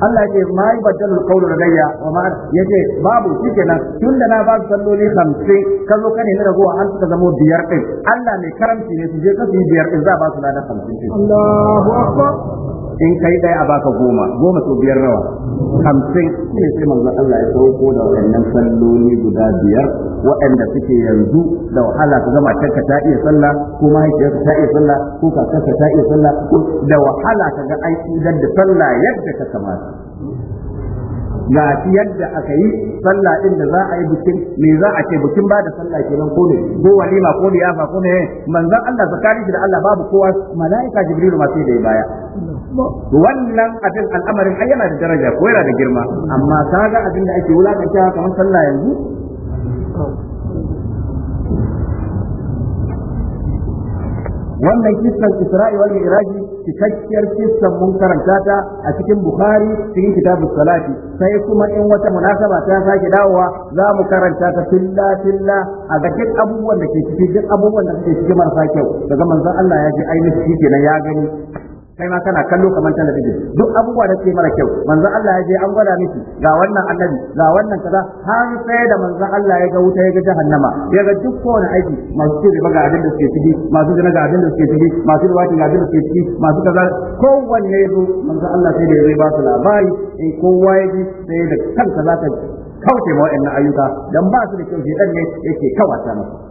Allah ya ce ma yi baddal da gayya wa ma yake babu shikenan tunda na ba su salloli 50 kazo ka ne ragowa an suka zamo biyar din Allah mai karanti ne su je ka su yi biyar din za ba su da 50 Allahu akbar in kai ɗaya a baka goma goma to biyar nawa 50 ne sai manzon Allah ya sauko da waɗannan salloli guda biyar waɗanda suke yanzu da wahala ka gama kanka ta iya sallah ko mahaifiyarka ta iya sallah ko kakarka ta iya sallah da wahala ka ga aiki da sallah yadda ka kamata ga yadda aka yi sallah din da za a yi bikin me za a ce bikin ba da sallah kenan ko ne ko walima ko liyafa ko ne manzon Allah zakari da Allah babu kowa malaika jibrilu ma sai da ya baya wannan abin al'amarin ayyana da daraja ko yana da girma amma kaga abin da ake wulaka kamar sallah yanzu wannan kissan Isra'i wal Mi'raji cikakkiyar kissan mun karanta ta a cikin Bukhari cikin kitabus salati sai kuma in wata munasaba ta sake dawowa za mu karanta ta filla filla a ga duk abubuwan da ke ciki, duk abubuwan da ke cikin marasa kyau daga manzon Allah ya ji ainihin shi kenan ya gani kai ma kana kallo kamar talabijin duk abubuwa da suke mara kyau manzo Allah ya je an gwada miki ga wannan annabi ga wannan kaza har sai da manzo Allah ya ga wuta ya ga jahannama ya ga duk kowane aiki masu ci riba ga abin da suke ciki masu zina ga abin da suke ciki masu ruwa ga abin da suke ciki masu kaza kowanne ya zo manzo Allah sai da ya ba su labari in kowa ya ji sai da kanka za ka kauce ma wa'annan ayyuka dan ba su da kyau sai dan ne yake kawata masa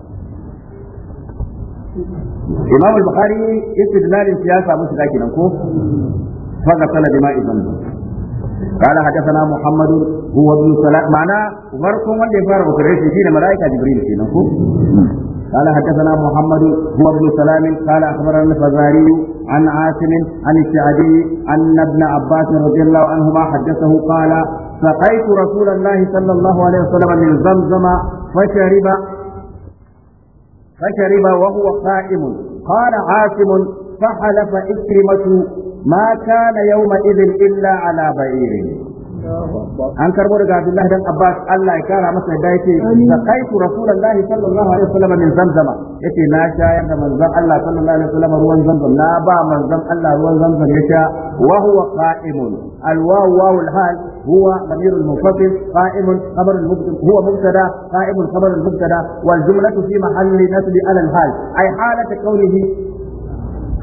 imam al-bukhari istidlalin siyasa musu da kenan ko fa qala bima idan قال حدثنا محمد هو ابن سلام معنا ومركم ولا يفار بكريش دين ملائكة جبريل في نفسه قال حدثنا محمد هو ابن سلام قال أخبرنا الفزاري عن عاصم عن الشعبي أن ابن عباس رضي الله عنهما حدثه قال سقيت رسول الله صلى الله عليه وسلم من زمزم فشرب فشرب وهو قائم قال عاصم فحلف إكرمة ما كان يومئذ إلا على بعير an karbo daga Abdullah dan Abbas Allah ya kara masa da yake zakaitu Rasulullah sallallahu alaihi wasallam min zamzama yace na shayar da manzon Allah sallallahu alaihi wasallam ruwan zamzam na ba manzon Allah ruwan zamzam ya sha wa huwa qa'imun al wawu wawul hal هو ضمير المنفصل قائم خبر هو مبتدا قائم خبر المبتدا والجملة في محل نسب على الحال أي حالة قوله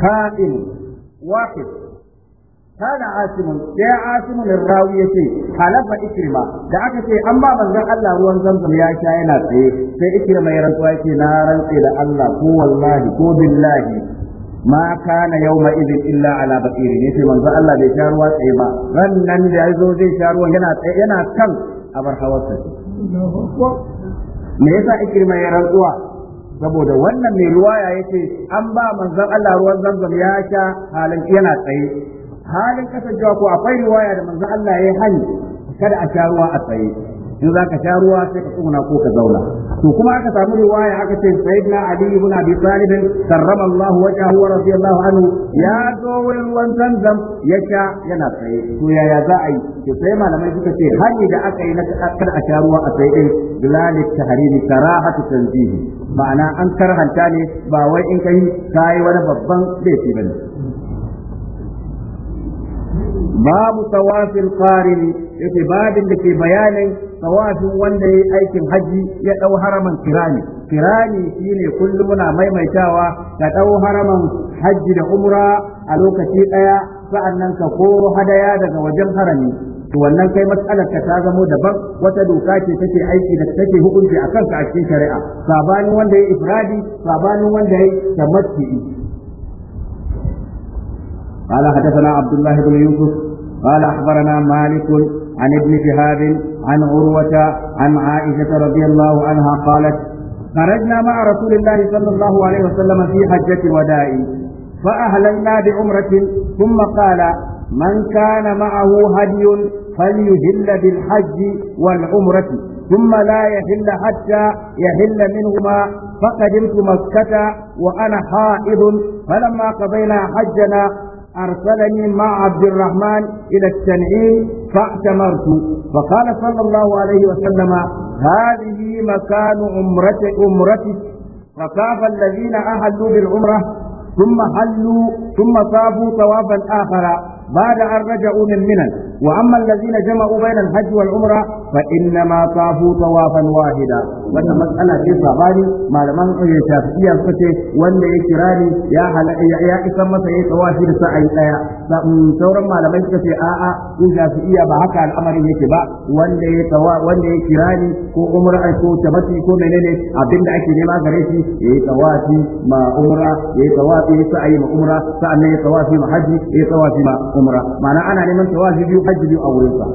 قائم واحد قال عاصم يا عاصم الراوي يتي حلف إكرمة da aka ce an ba manzon Allah ruwan zamzam ya sha yana tsaye sai ikrima ya rantsuwa yake na rantsi da Allah ko wallahi ko billahi ma kana yawma idin illa ala basiri ne sai manzo Allah bai sha ruwa tsaye ba rannan da ya zo zai sha ruwan yana tsaye yana kan abar hawarsa me yasa ikirma ya rantsuwa saboda wannan mai ruwaya yace an ba manzon Allah ruwan zamzam ya sha halin yana tsaye halin kasancewa ko akwai riwaya da manzon Allah ya hani kada a sha ruwa a tsaye in za ka sha ruwa sai ka tsuguna ko ka zauna to kuma aka samu riwaya aka ce sayyidina ali ibn abi talib karrama Allah wajhahu wa radiyallahu anhu ya zo wurin ruwan zamzam ya sha yana tsaye to yaya za a yi to sai malamai suka ce hani da aka yi na kar a sha ruwa a sai din dalil tahrimi karahatu tanzih ma'ana an karhanta ne ba wai in kai kai wani babban laifi bane babu tawafil qarin yake babin da ke bayanin tawafin wanda ya yi aikin haji ya ɗau haraman kirani kirani shi ne kullum na maimaitawa ka ɗau haraman haji da umra a lokaci ɗaya sa'annan ka koro hadaya daga wajen harami to wannan kai matsalar ka ta zamo daban wata doka ce take aiki da take hukunci akan ka a cikin shari'a sabanin wanda ya ifradi sabanin wanda ya tamattu قال حدثنا عبد الله بن يوسف قال اخبرنا مالك عن ابن شهاب عن عروة عن عائشة رضي الله عنها قالت خرجنا مع رسول الله صلى الله عليه وسلم في حجة الوداع فأهللنا بعمرة ثم قال من كان معه هدي فليهل بالحج والعمرة ثم لا يحل حتى يحل منهما فقدمت مكة وأنا حائض فلما قضينا حجنا أرسلني مع عبد الرحمن إلى التنعيم فأتمرت فقال صلى الله عليه وسلم هذه مكان عمرة عمرتك فطاف الذين أهلوا بالعمرة ثم حلوا ثم طافوا طوافا آخر بعد أن رجعوا من منن واما الذين جمعوا بين الحج والعمره فانما طافوا طوافا واحدا وانا مساله في صاباني ما لم شافعيه سكتي وان يكراني يا هل يا اسم مسا يي طوافي da sa'ayi daya sauran malamai suka ce a'a in shafi'iya ba haka al'amarin yake ba wanda ya tawa wanda ya kirani ko umra ko tabati ko menene abinda ake nema gare shi yayi tawafi ma umra yayi tawafi sa'ayi ma umra sa'annan yayi tawafi ma haji yayi tawafi ma umra ma'ana ana neman tawafi biyu hajji a wurinsa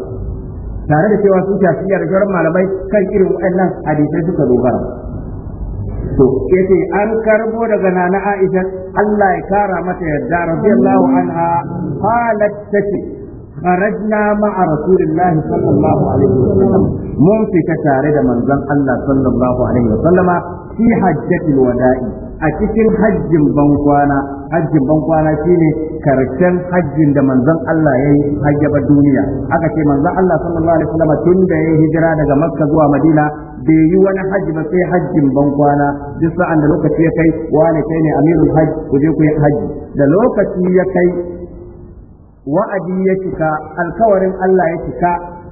tare da cewa sun shafiya da malamai kan irin waɗannan hadisai suka dogara to yace an karbo daga nana Aisha Allah ya kara mata yarda radiyallahu anha halat a خرجنا مع رسول الله صلى الله عليه وسلم من في من زن الله صلى الله عليه وسلم في حجة الوداع a cikin hajjin bankwana hajjin bankwana shine karshen hajjin da manzon Allah ya yi hajjaba duniya aka ce manzon Allah sallallahu alaihi wasallam tun da ya hijira daga Makka zuwa Madina bai yi wani hajji ba sai hajjin bankwana duk sa'an da lokaci ya kai wani kai ne amirul hajji ku je ku yi hajji da lokaci ya kai wa'adi ya cika alkawarin Allah ya cika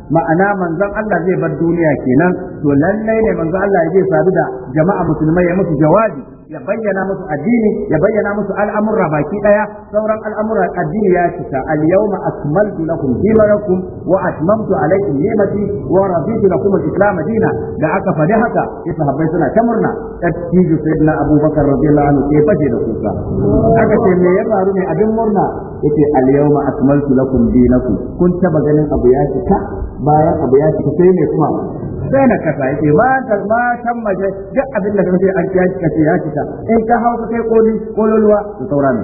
ma'ana manzon Allah zai bar duniya kenan to lallai ne manzon Allah ya je sadu da jama'a musulmai ya musu jawabi ya bayyana musu addini ya bayyana musu al'amurra baki daya sauran al'amurra addini ya cika al yawma akmaltu lakum dinakum wa atmamtu alaykum ni'mati wa raditu lakum al islam dina da aka fadi haka sai sahabbai suna ta murna tattiju sayyidina abubakar radiyallahu anhu sai fashe da kuka aka ce me ya faru ne abin murna yace al yawma akmaltu lakum dinakum kun taba ganin abu ya cika bayan abu ya cika sai me kuma sai na kasa yace ma ma tammaje duk abin da kace an kiyaye kace ya cika in ka hausa kai koli kololuwa da saura ne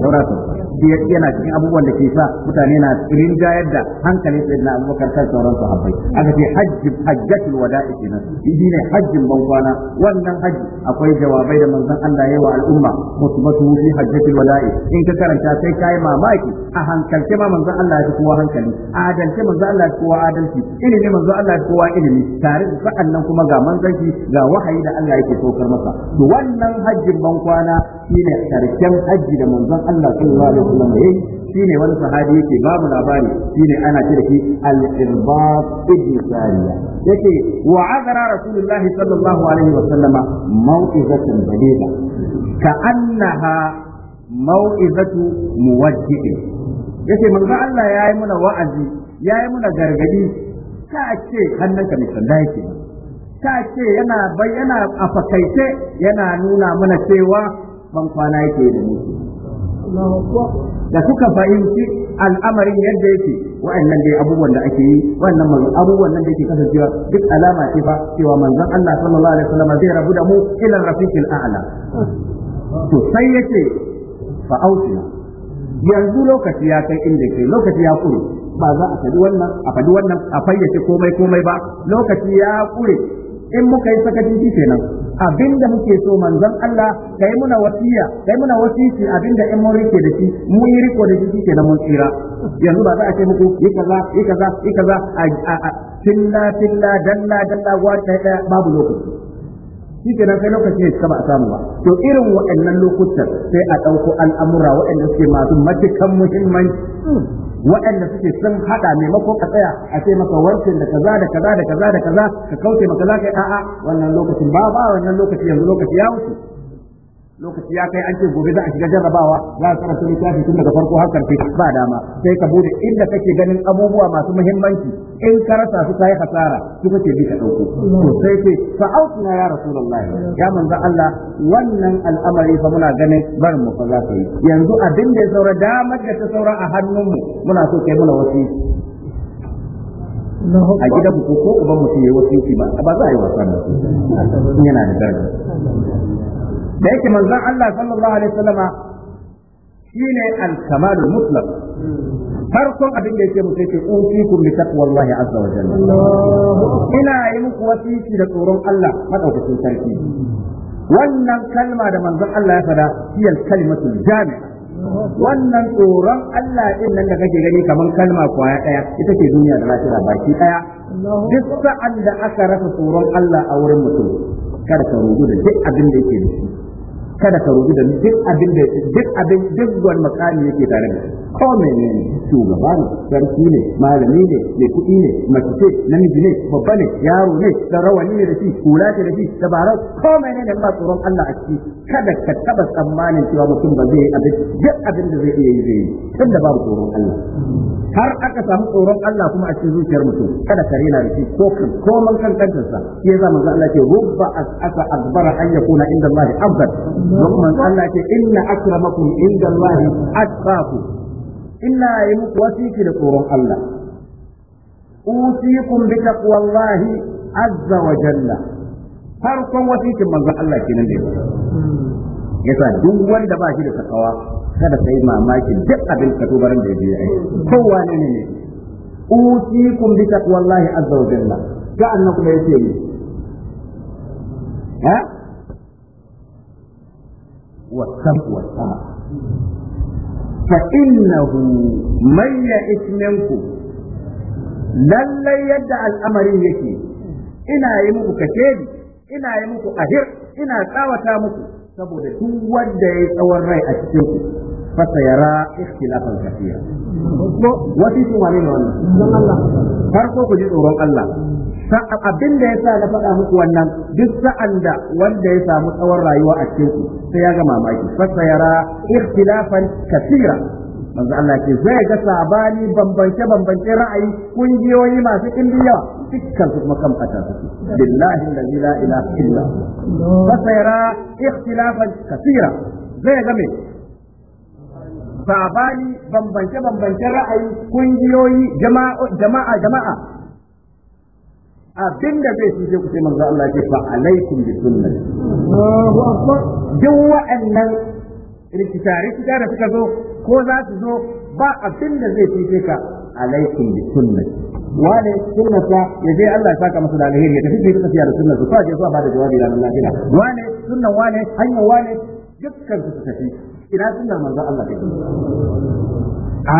saura yana cikin abubuwan da ke sa mutane na rinjayar da hankali sai na abubakar kan sauran sahabbai aka ce hajji hajjatul wada'i kenan shi ne hajjin bankwana wannan hajji akwai jawabai da manzon Allah yayi wa al'umma musmatu fi hajjatul wada'i in ka karanta sai kai mamaki a hankalce ma manzon Allah ya kowa hankali a adalce manzon Allah ya kowa adalci ilimi manzon Allah ya kowa ilimi tare da sa'annan kuma ga manzanci ga wahayi da Allah yake saukar masa to wannan hajjin bankwana shine karshen hajji da manzon Allah sallallahu alaihi wasallam yayi shine wani sahabi yake babu labari shine ana ce da shi al irbad ibn sariya yake wa azara rasulullahi sallallahu alaihi sallama mau'izatan ka annaha mau'izatu muwajjih yace manzo Allah yayi muna wa'azi yayi muna gargadi ka ce hannunka mai sanda yake ka ce yana bayyana a fakaice yana nuna mana cewa ban kwana yake da mutum da kuka fahimci al'amarin yadda yake wa'annan dai abubuwan da ake yi wannan mai abubuwan nan da yake kasancewa duk alama ce fa cewa manzon Allah sallallahu alaihi wasallam zai rabu da mu ila rafiqil a'la to sai yace fa ausina yanzu lokaci ya kai inda ke lokaci ya kure ba za a faɗi wannan a faɗi wannan a fayyace komai komai ba lokaci ya kure in muka yi sakaci shi kenan da muke so manzon Allah kai muna wasiya kai muna wasiti da in mun rike da shi mu yi riko da shi kenan mun tsira yanzu ba za a ce muku yi kaza yi kaza yi kaza a tilla tilla dalla dalla wa da babu lokaci shi nan sai lokaci ne ka ba a samu ba to irin waɗannan lokutan sai a ɗauko al'amura waɗanda suke masu matukan muhimmanci waɗanda suke sun haɗa maimakon a tsaya a ce maka wancan da kaza da kaza da kaza da kaza ka kauce maka za ka yi a'a wannan lokacin ba ba wannan lokaci yanzu lokaci ya wuce lokaci ya kai an ce gobe za a shiga jarrabawa za a karanta littafi tun daga farko har karfe ba dama sai ka bude inda kake ganin abubuwa masu muhimmanci in ka rasa su kai hasara su kake bi ka dauko to sai ce fa na ya rasulullahi ya manzo Allah wannan al'amari fa muna ganin barin mu fa za ka yi yanzu abin da ya saura damar da ta saura a hannunmu muna so kai muna wasi a gidan ku ko uban mutum wasu yi wasi ba ba za a yi wasan da yana da daraja da yake manzon Allah sallallahu alaihi Sallama shine ne kamalul mutlaq farkon abin da yake mu sai ce usikum bi taqwallahi azza wa jalla ina yi muku wasiki da tsoron Allah madaukakin sarki wannan kalma da manzon Allah ya fada shi al-kalimatul jami'a wannan tsoron Allah din nan da kake gani kamar kalma kwaya ɗaya, ita ce duniya da lafiya baki ɗaya, duk sa'an da aka rasa tsoron Allah a wurin mutum kada ka rubu da duk abin da yake da shi kada ka rubi da duk abin da duk abin duk wani makami yake tare da ko menene shugaba ne sarki ne malami ne mai kuɗi ne mace ce namiji ne babba ne yaro ne da rawani ne da shi kula ce da shi dabarau ko menene ba tsoron Allah a ciki kada ka taba tsammanin cewa mutum ba zai abin duk abin da zai iya yi zai yi Tunda babu tsoron Allah har aka samu tsoron Allah kuma a cikin zuciyar mutum kada kare na rikici ko kan koman kan kantarsa ya zama manzo Allah ke rubba asaka akbar an yakuna inda Allah afdal manzo Allah ke inna akramakum inda Allah atqakum illa yi muku wasiki da tsoron Allah usikum bi taqwallahi azza wa jalla farkon wasikin manzo Allah kenan ne. yasa duk wanda ba shi da takawa kada sai mamakin duk abin ka barin da ya yi kowa ne ne usikum bi taqwallahi azza wa jalla ga annakum yake ni ha wa taqwa fa innahu man ya'is minkum lallai yadda al'amarin yake ina yi muku kashedi ina yi muku ahir ina tsawata muku saboda duk wanda ya yi tsawon rai a cikin su fasa yara ikhtilafan kafiya wasu su wane ne wannan farko ku ji tsoron Allah abin da ya sa na faɗa muku wannan duk sa'an da wanda ya samu tsawon rayuwa a cikin su sai ya ga mamaki fasa yara ikhtilafan kafiya manzo Allah ke zai ga sabani bambance bambance ra'ayi kungiyoyi masu kimbiya dukkan su kuma kan fata su billahi allazi la ilaha illa fa sayara ikhtilafan kaseera zai ga me sabani bambance bambance ra'ayi kungiyoyi jama'a jama'a jama'a abinda zai shi sai ku sai manzo Allah ke fa alaikum bi sunnati Allahu akbar duk wa'annan rikita-rikita da suka zo ko za su zo ba abin da zai fice ka alaikum bi sunnati wane sunnata ya je Allah ya saka masa da alheri ya tafi bi tafiya da su, ko je zuwa ba da jawabi ranar lafiya wane sunnan wane hanyar wane dukkan su tafi ina sunnar manzon Allah ya ne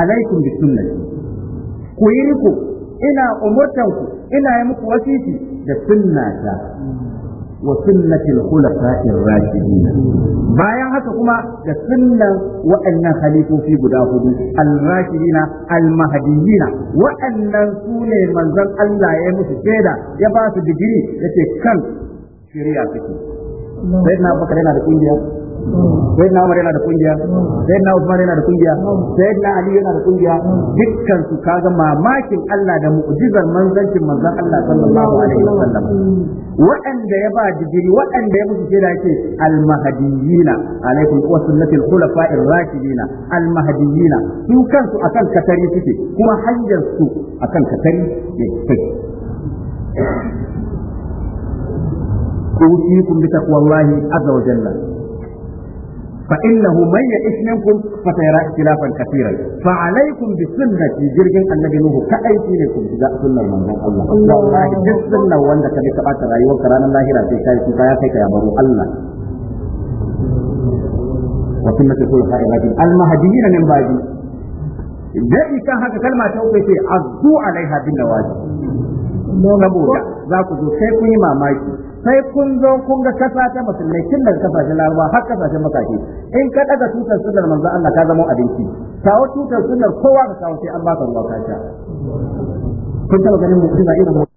alaikum bi sunnati ku yi riko ina umurtanku ina yi muku wasiti da sunnata wa sunnatil khulafa'ir rashidin bayan haka kuma da sunnan wa'annan halifofi guda hudu al-rashidina al-mahdiyina wa'annan sune manzon Allah ya musu shaida ya basu digiri yace kan shari'a take sai na da kungiya sai na Umar yana da kungiya sai na Usman yana da kungiya sai na Ali yana da kungiya dukkan su kaga mamakin Allah da mu'jizar manzancin manzon Allah sallallahu alaihi wasallam waɗanda ya ba digiri waɗanda ya musu shaida ce al-mahdiyina alaikum wa sunnatil khulafa'ir rashidina al-mahdiyina su kansu akan katari suke kuma hanyar su akan katari ne take أوصيكم بتقوى الله عز وجل فإنه من يئس منكم فسيرى اختلافا كثيرا فعليكم بسنة جرجن النبي نوح كأيتي لكم إذا سنة من الله والله دي سنة وانت كبه كبات رأي وكران الله رأي كاي كاي كاي يا برو الله وسنة كل خير المهديين من بعدي dai kan haka kalma ta uku ce azzu alaiha bin nawaji saboda za ku zo sai kun yi mamaki sai kun zo kun ga kasashen musulmai tun daga kasashen larabawa har kasashen makaki in ka daga tutar sunar manzo Allah ka zama abinci kawo tutar sunar kowa ka kawo sai an ba ruwa ka sha kun taba ganin